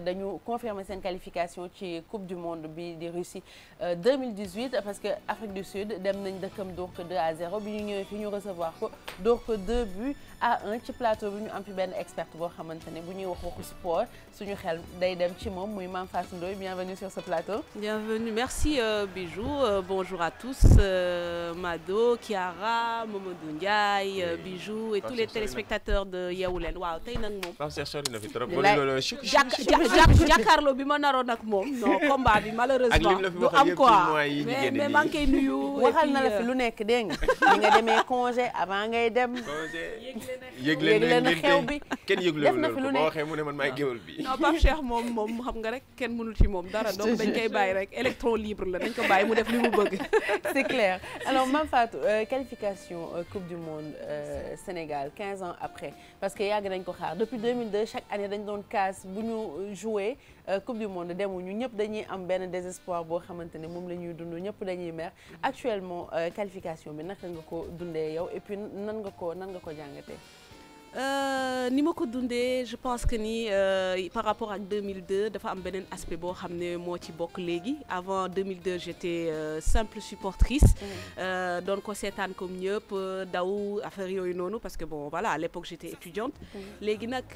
dañu confirmer seen qualification ci coupe du monde bi di Russie 2018 euh, parce que Afrique du Sud dem nañ dëkkam door ko 2 à 0 bi ñu ñëwee fi ñu recevoir ko door ko 2 à 1 ci plateau bi ñu am fi benn expert boo xamante ne bu ñuy wax waxu sport suñu xel day dem ci moom muy Mame Fass Ndoye bienvenue sur ce plateau. bienvenue merci euh, Bijou euh, bonjour à tous euh, Mado Kiara Mamadou Ndiaye euh, oui. Bijou et tous les téléspectateurs de Yeewu Leen waaw tey nag moom. na fi trop. jàkkaarloo bi ma naroon nag moom non combat bi malheureusement du am quoi mais mais maa ngi koy nuyu waxal na fi euh, lu nekk dégg nga nga demee congé avant ngay dem yëgle na xew bi kenn yëgle wu loolu boo waxee mu ne man maay ah. géwél bi non Pape Cheikh moom moom xam nga rek kenn mënul ci moom dara donc dañ koy bàyyi rek électron libre la dañ ko bàyyi mu def li mu bëgg c'est clair alors Mame Fatou euh, qualification euh, coupe du monde euh, Sénégal 15 ans après parce que yàgg nañ ko xaar depuis 2002 chaque année dañ doon kaas bu ñu jouer coupe du monde demu ñu ñëpp dañuy am benn désespoir boo xamante ne moom la ñuy dund ñëpp dañuy mer actuellement qualification bi naka nga ko dundee yow et nan nga ko nan nga ko jàngatee Euh, ni ma ko dundee je pense que ni euh, par rapport ak 2002 dafa am beneen aspect boo xam ne moo ci bokk léegi avant 2002 j'étais euh, simple supportrice mm. doon ko seetaan comme ñëpp daw affaire yooyu noonu parce que bon voilà à l'époque j'étais étudiante mm. léegi nag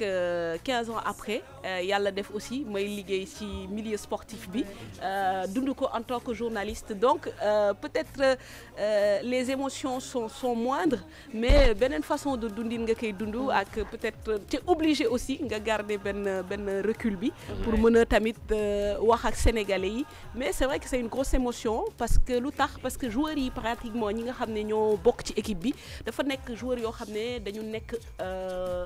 15 ans après yàlla def aussi moy liggéey si millier sportif bi dund ko en tant que journaliste donc peut-être les émotions sont sont moindres mais beneen façon de dundin nga koy dund ak peut-être te obligé aussi nga garde benn benn recule bi pour mën a tamit euh, wax ak sénégalais yi mais c'est vrai que c'est une grosse émotion parce que lu tax parce que joueurs yi pratiquement ñi nga xam ne ñoo bokk ci équipe bi dafa nekk joueurs yoo xam ne dañu nekk euh,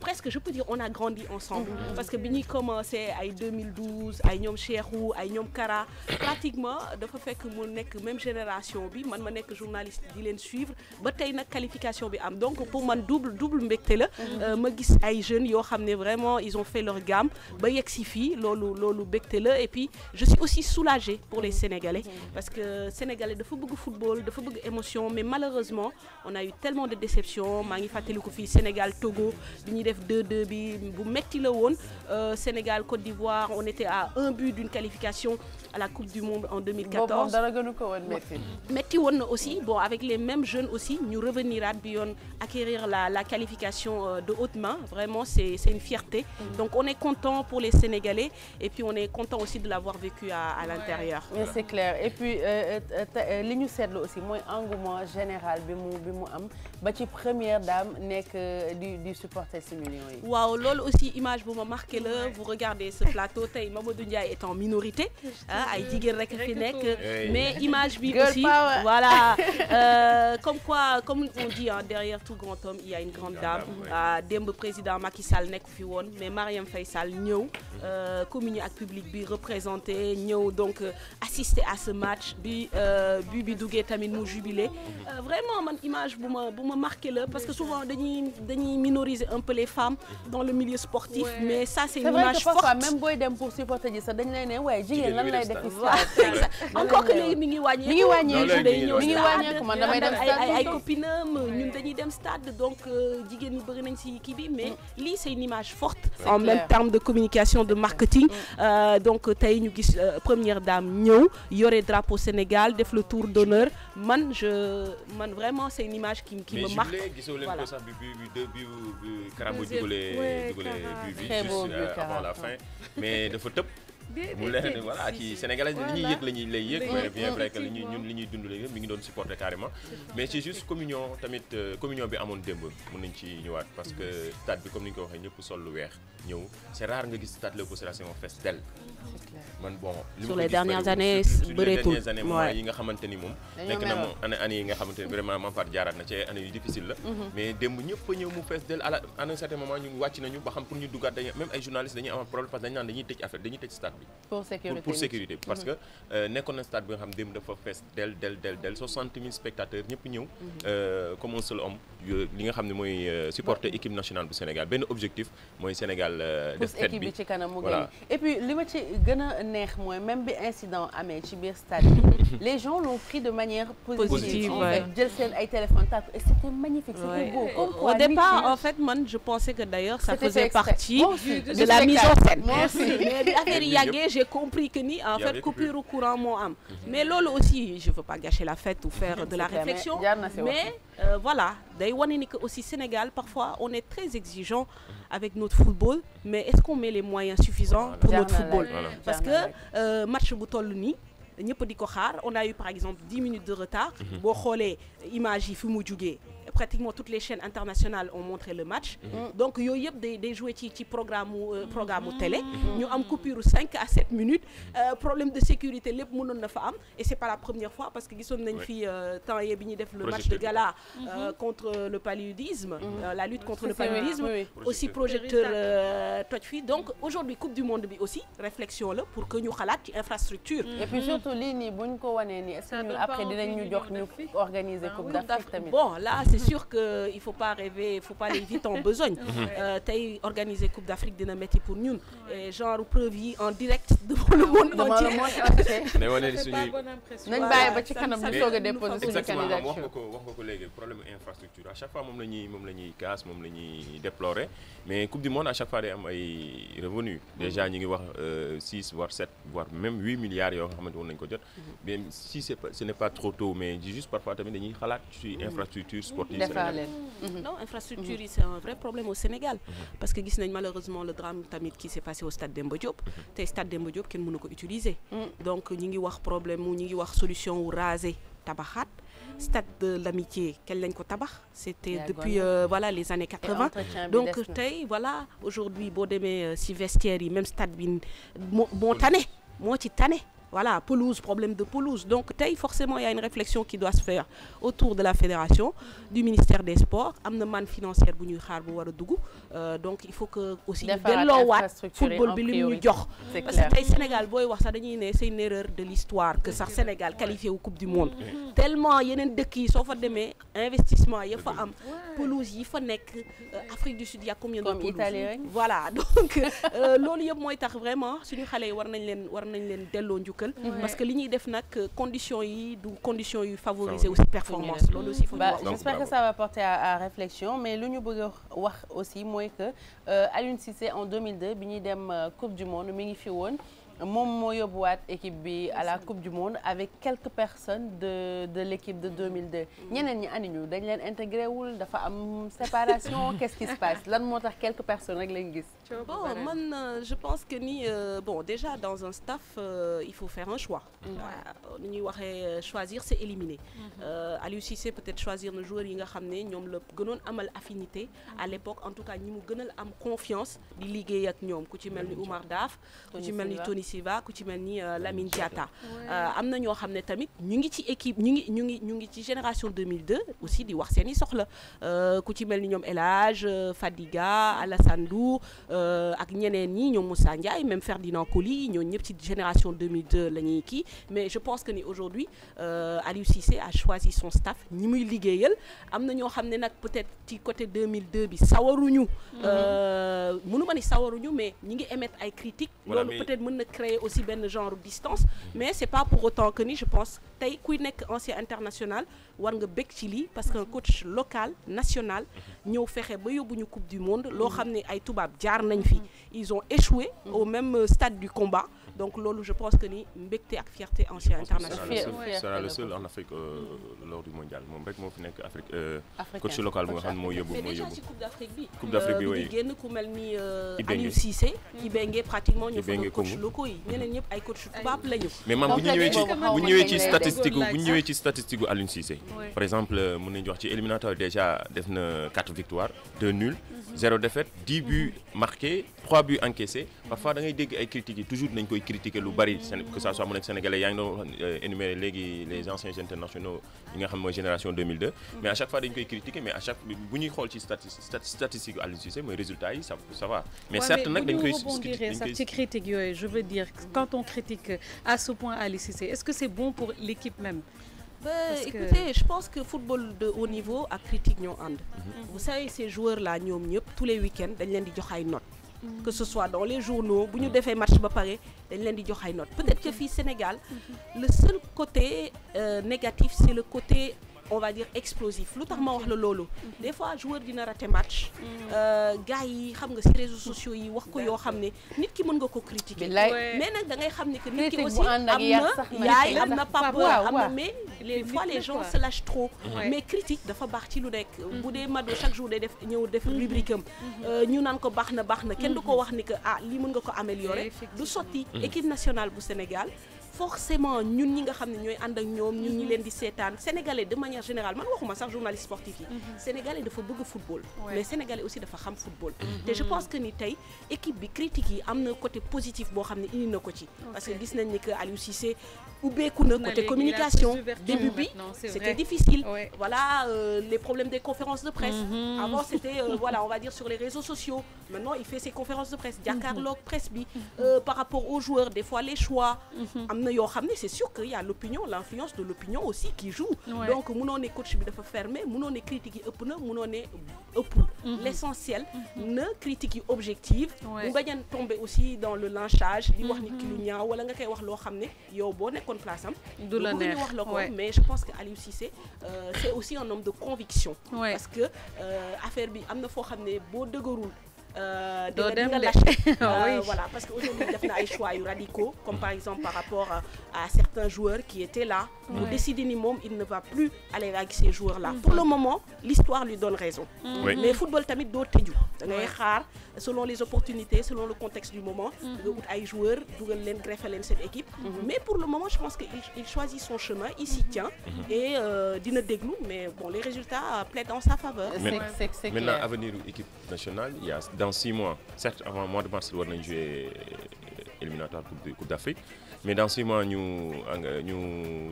presque je peux dire on a grandi ensemble. Mm-hmm. parce que bi ñuy commencé ay 2012 ay ñoom ceexu ay ñoom Kara pratiquement dafa fekk mu nekk même génération bi man ma nekk journaliste di leen suivre ba tey nag qualification bi am donc pour man double double mbégte la. Mm-hmm. Euh, ma gis ay jeunes yoo xam ne vraiment ils ont fait leur gamme ba yegg si fii loolu loolu mbégte la et puis je suis aussi soulagée pour les Sénégalais mm-hmm. parce que Sénégalais dafa bëgg football dafa bëgg émotion mais malheureusement on a eu tellement de maa ngi fàttaliku fii Sénégal def 2-2 bi bu metti la woon euh, Sénégal Côte d'Ivoire on était à un but d'une qualification à la Coupe du Monde en 2014 boobu dara gënu ko woon metti. metti woon na aussi bon avec les mêmes jeunes aussi ñu reveniraat bi yoon acquérir la la qualification euh, de haute main vraiment c'est c'est une fierté. donc on est content pour les Sénégalais et puis on est content aussi de l'avoir vécu à à l'intérieur. mais c'est clair et puis euh, li ñu seetlu aussi mooy engouement général bi mu bi mu am ba ci première dame nekk di di supporter si millions yi. waaw loolu aussi image bu ma marqué la vous regardez ce plateau tey Mamadou Ndiaye est en minorité ay jigéen rek fi nekk mais image bi aussi voilà euh, comme quoi comme on dit ah derrière tout grand homme il y a une grande dame ah président Macky Sall nekk fi woon mais Mariam Faye Sall ñëw euh, communiqué ak public bi représenté ñëw donc euh, assister à ce match bi bu bi duggee tamit mu jubilé vraiment man image bu ma bu la parce que souvent dañuy dañuy minoriser un peu femmes dans le milieu sportif ouais. mais ça c'est une image forte lay ne waaye jigéen lan lay encore que léegi mi ngi wàññeeku mi ngi wàññi day ñëw mi ngi wàññeeku man stade ay copinam ñun dañuy dem stade donc euh, jigéen ñi bëri nañ si kii bi mais mm. lii c'est une image forte en même terme de communication de marketing mm. euh, donc tey ñu gis euh, première dame ñëw yore drapeau Sénégal def le tour d'honneur man je man vraiment c'est une image qui qui me marque voilà bu dugalee dugalee but bi juste avant la fin mais dafa tëb mu leer ne yëg la ñuy dund léegi mi ngi doon supporter carrément mais c'est juste communion tamit euh, communion bi amoon démb mën nañ ci ñëwaat parce que stade bi comme ni nga gis moom nekk na moom année année yi nga xamante ni vraiment Maam difficile la mm-hmm. mais démb ñëpp ñëw mu fees dell à un certain moment ñu wàcc nañu ba xam pour ñu duggaat dañu même ay journalistes dañuy am problème parce que dañu naan dañuy tëj affaire dañuy tëj stade pour sécurité pour sécurité parce mm-hmm. que euh, nekkoon na stade bi nga xam démb dafa fees del del del del soixante mille spectateurs ñëpp ñëw. comme un seul homme. li nga xam ne mooy euh, supporter équipe nationale bu Sénégal benn objectif mooy Sénégal. Euh, def fête bi équipe bi ci kanam mu li ma ci gën a neex mooy même bi incident amee ci biir stade bi. les gens l'ont pris de manière positive en fait jël seen ay téléphone tàkk et c'était magnifique c'était beau comme quoi au départ en fait man je pensais que d'ailleurs ça faisait partie voyez j'ai compris que ni en fait coupure au courant moo am mhm. mais mhm. loolu aussi je veux pas gâcher la fête ou faire de la réflexion mais euh, voilà day ni que aussi Sénégal parfois on est très exigeant mhm. avec notre football mais est-ce qu'on met les moyens suffisants pour notre football parce que euh, match bu toll nii ñëpp di ko xaar on a eu par exemple dix minutes de retard boo xoolee image yi fi mu jugee pratiquement toutes les chaînes internationales ont montré le match. Mhm. Mm. donc euh, mm. télé. Mm. ñu am coupure 5 à euh, problème de sécurité lépp mënoon na et c'est pas la première fois parce que gisoon nañ fi euh, temps yee def le match de gala. Mm-hmm. contre le paludisme. Mm-hmm. la lutte contre le paludisme. aussi projecteur toj fii donc aujourd'hui coupe du monde aussi réflexion pour que ñu xalaat ci infrastructure. Mm-hmm. et puis surtout lii nii bu ñu ko est après dinañ ñu jox ñu organiser ah coupe d'Afrique bon c'est sûr que il faut pas rêver il faut pas aller a déposer wax nga ko wax problème infrastructure à chaque fois moom la ñuy moom la ñuy casse moom la ñuy mais coupe du monde à chaque fois day am ay revenus déjà mm-hmm. ñu ngi wax 6 euh, voire 7 voire même 8 milliards yoo nga xamante woon nañ ko jot mm-hmm. mais si c'est ce n'est pas trop tôt mais juste parfois tamit dañuy xalaat ci mm-hmm. infrastructure du Sénégal leen mhm. non infrastructure yi c'est un vrai problème au Sénégal mhm. parce que gis nañ malheureusement le drame tamit qui s'est passé au stade Demba Diop mhm. tey stade Demba Diop kenn mënu ko utiliser donc ñi ngi wax problème mu ñi ngi wax solution wu raser tabaxaat stade de l'amitié kenn lañ ko tabax c'était depuis euh, voilà les années 80 donc tey voilà aujourd'hui boo demee euh, si yi même stade bi moo moo moo ci tane voilà pelouse problème de pelouse donc tey forcément il y a une réflexion qui doit se faire autour de la fédération du ministère des sports am na manne financière bu ñuy xaar bu war a dugg euh, donc il faut que aussi ñu delloowaat football bi li ñu jox parce que tey Sénégal booy wax sax dañuy ne c'est une erreur de l'histoire que sax Sénégal qualifié wu coupe du monde tellement yeneen dëkk yi soo fa demee investissement ya fa am pelouse yi fa nekk euh, Afrique du y a combien de pelouse voilà euh, loolu yëpp mooy tax vraiment suñu xale yi war nañ leen war nañ leen delloo njuk gën parce que li ñuy def nag euh, condition yi du condition yu favoriser aussi performance loolu aussi faut j'espère que ça va porter à réflexion mais lu ñu bëgg a wax aussi mooy que euh, Aliou Cissé en 2002 bi ñuy dem euh, coupe du monde mi ngi fi woon moom moo yóbbuwaat équipe bi à la coupe du monde avec quelques personnes de de l'équipe de mm. ñeneen ñi andi ñu dañ leen intégré wul dafa am séparation qu'est-ce qui se passe lan moo tax quelques personnes rek lañ gis bon man euh, je pense que ni euh, bon déjà dans un staff euh, il faut faire un choix mm-hmm. ni ñuy waxee choisir c'est éliminer mm-hmm. Aliou Cissé peut-être choisir na joueurs yi nga xam ne ñoom la gënoon amal affinité mm-hmm. à l'époque en tout cas ñi mu gënal am confiance di liggéey ak ñoom ku ci mel ni Oumar Daf ku ci mel ni toni Siva ku ci mel ni Lamine Diatta am na ñoo xam ne tamit ñu ngi ci équipe ñu ngi ñu ngi ñu ngi ci génération 2002 aussi di wax seen seeni soxla ku ci mel ni ñoom El Hadj Fadiga Alassane Euh, ak ñeneen ñi ñoom Moussa Ndiaye même Ferdinand Coly ñoo ñëpp ci génération 2002 la ñuy kii mais je pense que ni aujourd'hui euh, Aliou Cissé a choisi son staff ñi muy liggéeyal am na ñoo xam ne nag peut-être ci côté 2002 bi sawaruñu mhm. euh, mënu ma ni sawaruñu mais ñi ngi émettre ay critiques loolu peut-être mën na créer aussi benn genre distance mais c'est pas pour autant que ni je pense tey kuy nekk ancien international war nga bëgg ci lii parce que un coach local national ñëw fexe ba yóbbuñu coupe du monde loo xam ni ay tubaab jaar nañ fi ils ont échoué au même stade du combat donc loolu je pense que ni mbégte ak fierté ancien international sera le seul en Afrique lors euh, mondial moom rek moo fi nekk Afrique euh, coach local bi nga ne moo yóbbu moo yóbbu coupe d'Afrique bi coupe d'Afrique bi euh, oui génn ku mel ni Aliou Cissé mm. Ibenge pratiquement ñu fa coach locaux yi ñeneen ñëpp ay coach tubaab lañu mais maam bu ñu ñëwee ci bu ñëwee ci bu ñu ñëwee ci statistique gu Aliou Cissé par exemple mu nañu wax ci éliminatoire déjà def na 4 victoires 2 nuls 0 mm-hmm. défaite 10 buts marqués trois buts encaissés parfois da ngay dégg ay critiques yi toujours nañ koy critiquer lu bari que ça soit mu nekk sénégalais yaa ngi doon euh, énumérer les anciens internationaux yi nga xam mooy génération 2002 mais à chaque fois dañ koy critiquer mais à chaque bu ñuy xool ci statistique yu mooy résultat yi ça ça mais certes nag dañ koy rebondir ci critique yooyu je veux dire quand on critique à ce point Aliou est-ce que c'est bon pour l'équipe même Bah, Parce écoutez, que... je pense que football de haut niveau ak critique ñoo ànd. Mhm. Vous que ce soit dans les journaux bu ñu defee match ba pare dañ leen di jox ay notes peut-être que fii Sénégal mhm. le seul côté euh, négatif c'est le côté on va dire explosif lu tax ma wax la loolu des fois joueur dina raté match mm. euh, gars yi xam nga si réseaux sociaux yi wax ko yoo xam ne nit ki mën nga ko critiquer mais nag da ngay xam ne que nit ki aussi am na yaay am na papa am na mais les fois les gens se trop mais critique dafa baax ci lu nekk mm-hmm. bu dee Mado chaque jour day def ñëw def mm-hmm. rubrique am mm-hmm. euh, ñu naan ko baax na baax na kenn du ko wax ni que ah lii mën nga ko améliorer du sotti équipe nationale bu Sénégal forcément ñun ñi nga xam ne ñooy ànd ak ñoom ñun ñi leen di seetaan sénégalais de manière générale man waxuma sax journaliste sportif yi mhm. sénégalais dafa bëgg football mais sénégalais aussi dafa xam football mhm. te je pense que ni tey équipe bi critique yi am na côté positif boo xam ne indi na ko ci parce que gis nañ ni que Aliou Cissé ubbeeku na côté communication début bi c'était difficile voilà euh, les problèmes des conférences de presse mhm. avant c'était euh, voilà on na yoo xam ne c'est sûr que y a l'opinion l'influence de l'opinion aussi qui joue ouais. donc munoo ne coach bi dafa fermé munoo ne critique yi ëpp na munoo ne ëppul mhm. l'essentiel mhm. na critique yi objective bu nga ñan tombé aussi dans le lynchage di wax ni ki lu mhm. ñaaw wala nga koy wax loo xam ne yow boo nekkoon place am du la neex wax la ko mais je pense que Aliou Cissé euh, c'est aussi un homme de conviction parce que euh, affaire bi am na foo xam ne boo dëgërul Euh, doo dem de ah euh, voilà parce que aujourd'hui def na ay choix yu radicaux comme par exemple par rapport euh, à certains joueurs qui étaient là. mu décider ni moom il ne va plus aller avec ces joueurs là. pour le moment l'histoire lui donne raison. Mm. mais football tamit doo tëju. selon le contexte du moment. Mm-hmm. nga wut ay joueurs dugal leen greffé leen cette équipe. Mm-hmm. mais pour le moment je pense que il choisit son chemin il s'y tient. Mm-hmm. et dina déglu mais bon les résultats plaident a dans six mois certes avant mois de mars war nañ jouer euh, éliminatoire coupe d' Afrique mais dans six mois ñu ñu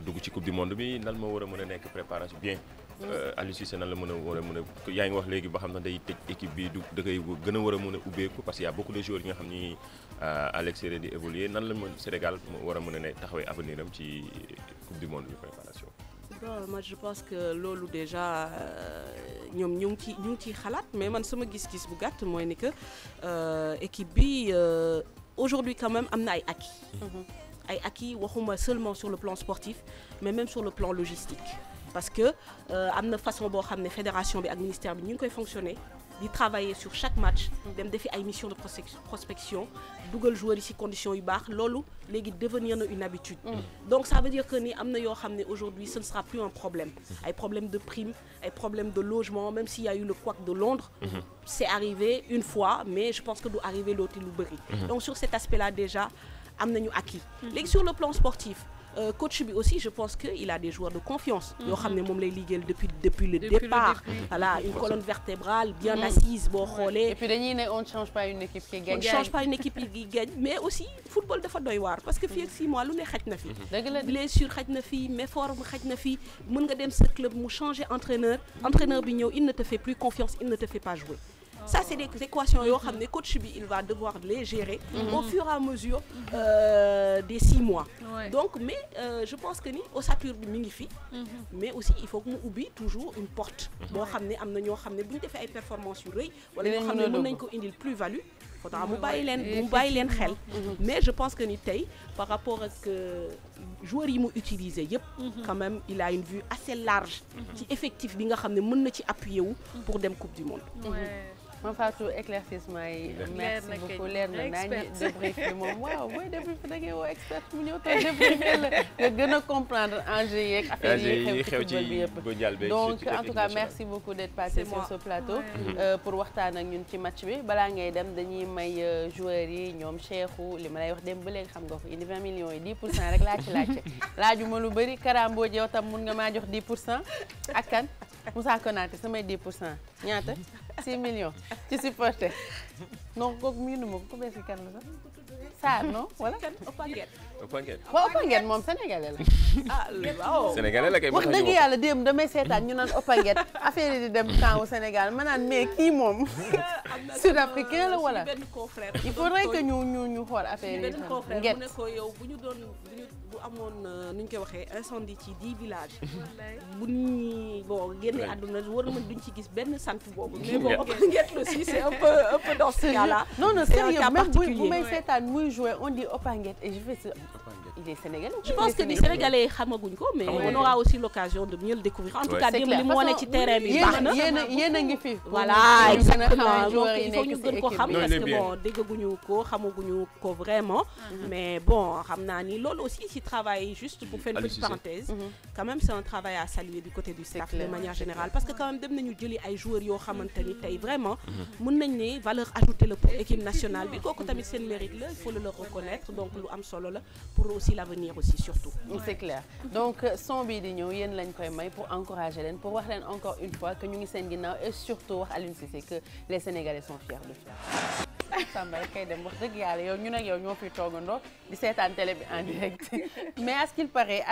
dugg ci coupe du monde bi nan moo war a mën a nekk préparation bien. Euh, Aliou Cissé nan la mën a war a mën a yaa ngi wax léegi ba xam ne day tëj équipe bi du da koy gën a war a mën a ubbeeku parce que y' a beaucoup yi nga xam ni à euh, l'extérieur di évoluer nan la mën Sénégal war a mën a ne taxawee avenir am ci coupe du monde bi préparation. bon moi je pense que loolu déjà euh, ñoom ñu ngi ci ñu ngi ciy xalaat mais man sama gis-gis bu gàtt mooy ni que euh, équipe bi euh, aujourd'hui quand même am na ay acquis. Mm-hmm. ay acquis waxuma seulement sur le plan sportif mais même sur le plan logistique parce que am na façon boo xam ne fédération bi ak ministère bi ñu ngi koy fonctionner. di travailler sur chaque match dem defi ay mission de prospection dugal joueurs yi ci conditions yu baax loolu léegi devenir na une habitude mm. donc ça veut dire que ni am na yoo xam ne aujourd'hui ce ne sera plus un problème mm-hmm. ay problème de prime ay problème de logement même s'il y a eu le couac de Londres mm-hmm. c'est arrivé une fois mais je pense que du arriver l'autre lu bëri mm-hmm. donc sur cet aspect là déjà am nañu acquis léegi sur le plan sportif Euh, coach bi aussi je pense que il a des joueurs de confiance. Mhm. yoo xam ne moom lay liggéeyal depuis depuis le départ. voilà une colonne vertébrale bien mhm. assise boo xoolee. ne on ne change pas une équipe qui gagne. mais aussi football dafa doy waar parce que fii ak 6 mois lu ne xaj na fi. Mhm. dëgg la blessure xaj na fi méforme xaj na fi mën nga dem sa club mu changer entraîneur entraîneur bi ñëw il ne te fait plus confiance il ne te fait pas jouer. ça c'est des équations yoo xam ne coach bi il va devoir les gérer mhm. au fur à mesure mhm. euh, des six mois ouais. donc mais euh, je pense que ni ossature bi mi ngi fi mhm. mais aussi il faut que mu ubbi toujours une porte boo xam ne am na ñoo xam ne bu ñu defee ay performance yu rëy wala ñoo xam ne mën nañ ko indil plus-value faudra mu bàyyi leen bàyyi leen xel mais je pense que ni tey par rapport ak euh, joueurs yi mu utilisé yëpp quand même il a une vue assez large ci effectif bi nga xam ne mën na ci appuyer wu pour dem coupe ma Fatou éclaircissement yi. merci beaucoup leer na nañu débrief bi moom waaw mooy débrief da ngay a comprendre enjeu yeeg affaire yi tout cas merci beaucoup d'être passé sur ce plateau. Mm-hmm. Euh, pour waxtaan ak ñun ci match bi balaa ngay dem dañuy may euh, joueurs yi ñoom Cheikhou li ma lay wax dem ba léegi xam nga ko indi 20 millions yi 10 pour laa ci laajte maa jox pour cent ak kan. Moussa sa samay 10 pour cent ñaata 6 millions ci supporter non kooku miinu ma ko ku bees si kan non wala. Opanguet Opanguet waaw Opanguet moom sénégalais la. ah waaw sénégalais la kay wax dëgg yàlla démb damay seetaan ñu naan Opanguet affaire yi di dem camp au Sénégal ma naan mais kii moom sud africain la wala il faudrait que ñu ñu ñu xool affaire yi bu ñu doon amoon euh, nu ñu koy waxee incendie ci 10 villages. bu boo génn àdduna war na mën duñ ci gis benn sant boobu mais bon Ngeetlu Si c'est un peu un peu dans ce cas là non non sérieux même bu may seetaan muy jouer on dit Opa Ngeet et je fais ça je pense que ni sénégalais yi xamaguñ ko mais on aura aussi l'occasion de mieux le découvrir en tout cas li mu wane ci terrain bi baax na yéen a ngi fi voilà exactement donc il ñu ko xam parce que ko xamaguñu mm-hmm. mais bon xam naa ni loolu aussi ci travail juste pour faire une petite parenthèse mm-hmm. quand même c'est un travail à saluer du côté du staff de manière générale parce que quand même dem nañu jëli ay joueurs yoo xamante ni tey vraiment mën mm-hmm. nañ ne valeur ajoutée la pour équipe nationale bi kooku seen mérite lu am solo la aussi l'avenir aussi surtout c'est clair donc euh, son bii di ñëw koy may pour encourager leen pour wax leen encore une fois que ñu ngi seen ginnaaw et surtout wax Aliou Cissé que les Sénégalais sont fiers de fiers Samba kay dem wax dëgg yàlla yow ñu nag yow ñoo fi toogandoo di seetaan télé bi en direct mais à ce qu'il paraît